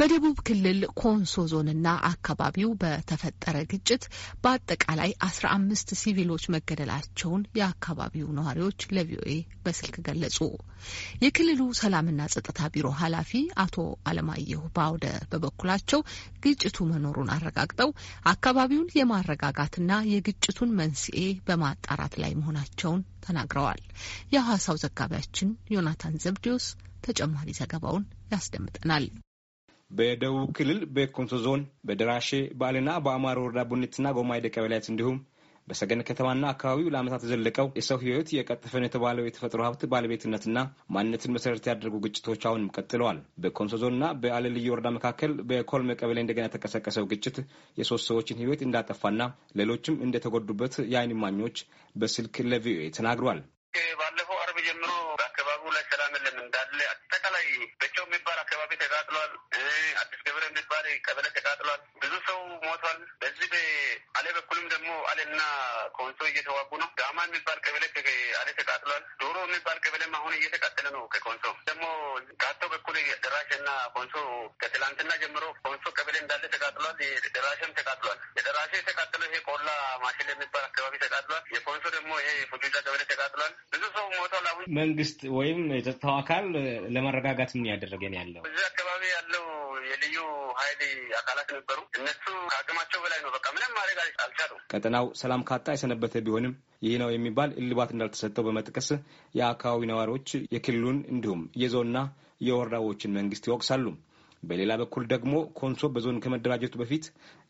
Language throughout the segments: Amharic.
በደቡብ ክልል ኮንሶ ዞንና አካባቢው በተፈጠረ ግጭት በአጠቃላይ አስራ አምስት ሲቪሎች መገደላቸውን የአካባቢው ነዋሪዎች ለቪኦኤ በስልክ ገለጹ። የክልሉ ሰላምና ጸጥታ ቢሮ ኃላፊ አቶ አለማየሁ ባውደ በበኩላቸው ግጭቱ መኖሩን አረጋግጠው አካባቢውን የማረጋጋትና የግጭቱን መንስኤ በማጣራት ላይ መሆናቸውን ተናግረዋል። የሐዋሳው ዘጋቢያችን ዮናታን ዘብዲዮስ ተጨማሪ ዘገባውን ያስደምጠናል። በደቡብ ክልል በኮንሶ ዞን በደራሼ በአልና በአማሮ ወረዳ ቡኒትና ጎማይደ ቀበሌያት እንዲሁም በሰገን ከተማና አካባቢው ለዓመታት ዘለቀው የሰው ሕይወት የቀጠፈን የተባለው የተፈጥሮ ሀብት ባለቤትነትና ማንነትን መሰረት ያደርጉ ግጭቶች አሁንም ቀጥለዋል። በኮንሶ ዞንና በአለ ወረዳ መካከል በኮልሜ ቀበሌ እንደገና የተቀሰቀሰው ግጭት የሶስት ሰዎችን ሕይወት እንዳጠፋና ሌሎችም እንደተጎዱበት የአይን ማኞች በስልክ ለቪኦኤ ተናግሯል። ባለፈው ጀምሮ በአካባቢው ላይ ሰላም የለም እንዳለ አጠቃላይ በቸው የሚባል አካባቢ ተቃጥሏል። አዲስ ገብረ የሚባል ቀበሌ ተቃጥሏል። ብዙ ሰው ሞቷል። በዚህ በአሌ በኩልም ደግሞ አሌና ኮንሶ እየተዋጉ ነው። ዳማ የሚባል ቀበሌ አሌ ተቃጥሏል። ዶሮ የሚባል ቀበሌም አሁን እየተቃጠለ ነው። ከኮንሶ ደግሞ ጋቶ በኩል ደራሽ ኮንሶ ከትላንትና ጀምሮ ኮንሶ ቀበሌ እንዳለ ተቃጥሏል። የደራሽም ተቃጥሏል። የደራሽ የተቃጠለው ይሄ ቆላ ማሽል የሚባል አካባቢ ተቃጥሏል። የኮንሶ ደግሞ ይሄ ፉጁጃ ቀበሌ ተቃጥሏል። መንግስት ወይም የጸጥታው አካል ለመረጋጋት ምን ያደረገን ያለው እዚህ አካባቢ ያለው የልዩ ኃይል አካላት ነበሩ። እነሱ ከአቅማቸው በላይ ነው። በቃ ምንም ማድረግ አልቻሉ። ቀጠናው ሰላም ካጣ የሰነበተ ቢሆንም ይህ ነው የሚባል እልባት እንዳልተሰጠው በመጥቀስ የአካባቢ ነዋሪዎች የክልሉን እንዲሁም የዞንና የወረዳዎችን መንግስት ይወቅሳሉ። በሌላ በኩል ደግሞ ኮንሶ በዞን ከመደራጀቱ በፊት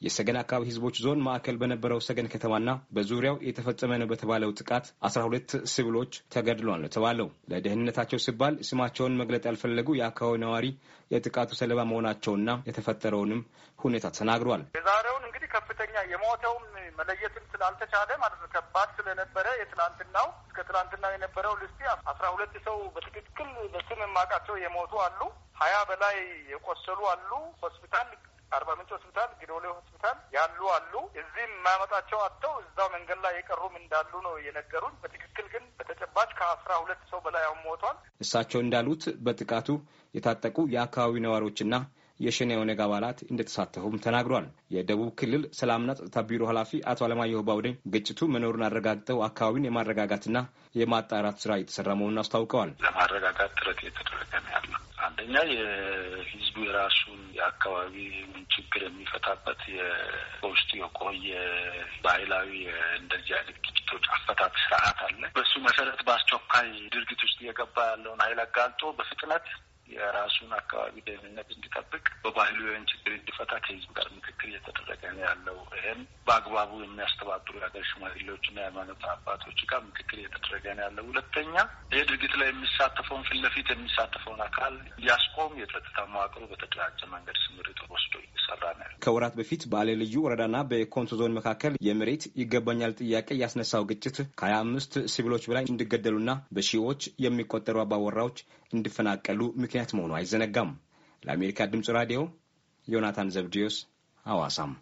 የሰገን አካባቢ ህዝቦች ዞን ማዕከል በነበረው ሰገን ከተማና በዙሪያው የተፈጸመ ነው በተባለው ጥቃት አስራ ሁለት ስብሎች ተገድሏል ነው ተባለው። ለደህንነታቸው ሲባል ስማቸውን መግለጥ ያልፈለጉ የአካባቢ ነዋሪ የጥቃቱ ሰለባ መሆናቸውና የተፈጠረውንም ሁኔታ ተናግሯል። የዛሬውን እንግዲህ ከፍተኛ የሞተውም መለየትም ስላልተቻለ ማለት ነው ከባድ ስለነበረ የትላንትናው እስከ ትላንትናው የነበረው ልስቲ አስራ ሁለት ሰው በትክክል በስም የማውቃቸው የሞቱ አሉ። ሀያ በላይ የቆሰሉ አሉ። ሆስፒታል አርባ ምንጭ ሆስፒታል፣ ጊዶሌ ሆስፒታል ያሉ አሉ። እዚህም የማያመጣቸው አጥተው እዛው መንገድ ላይ የቀሩም እንዳሉ ነው የነገሩን። በትክክል ግን በተጨባጭ ከአስራ ሁለት ሰው በላይ አሁን ሞቷል። እሳቸው እንዳሉት በጥቃቱ የታጠቁ የአካባቢ ነዋሪዎችና የሸኔ ኦነግ አባላት እንደተሳተፉም ተናግሯል። የደቡብ ክልል ሰላምና ጸጥታ ቢሮ ኃላፊ አቶ አለማየሁ ባውደኝ ግጭቱ መኖሩን አረጋግጠው አካባቢን የማረጋጋትና የማጣራት ስራ እየተሰራ መሆኑን አስታውቀዋል። ለማረጋጋት ጥረት እየተደረገ ነው ያለው አንደኛ የህዝቡ የራሱን የአካባቢውን ችግር የሚፈታበት የውስጡ የቆየ ባህላዊ እንደዚህ አይነት ግጭቶች አፈታት ስርዓት አለ። በሱ መሰረት በአስቸኳይ ድርጊት ውስጥ እየገባ ያለውን ሀይል አጋልጦ በፍጥነት የራሱን አካባቢ ደህንነት እንዲጠብቅ በባህሉ በባህላዊያን ችግር እንዲፈታ ከህዝብ ጋር ምክክር እየተደረገ ነው ያለው። ይህም በአግባቡ የሚያስተባብሩ የሀገር ሽማግሌዎችና የሃይማኖት አባቶች ጋር ምክክር እየተደረገ ነው ያለው። ሁለተኛ ይህ ድርጊት ላይ የሚ የሚሳተፈውን ፊት ለፊት የሚሳተፈውን አካል ሊያስቆም የጸጥታ መዋቅሩ በተደራጀ መንገድ ስምሪት ወስዶ እየሰራ ነው። ከወራት በፊት በአሌ ልዩ ወረዳና በኮንቶ ዞን መካከል የመሬት ይገባኛል ጥያቄ ያስነሳው ግጭት ከሀያ አምስት ሲቪሎች በላይ እንዲገደሉና በሺዎች የሚቆጠሩ አባወራዎች እንዲፈናቀሉ ምክንያት መሆኑ አይዘነጋም። ለአሜሪካ ድምጽ ራዲዮ ዮናታን ዘብዲዮስ ሐዋሳም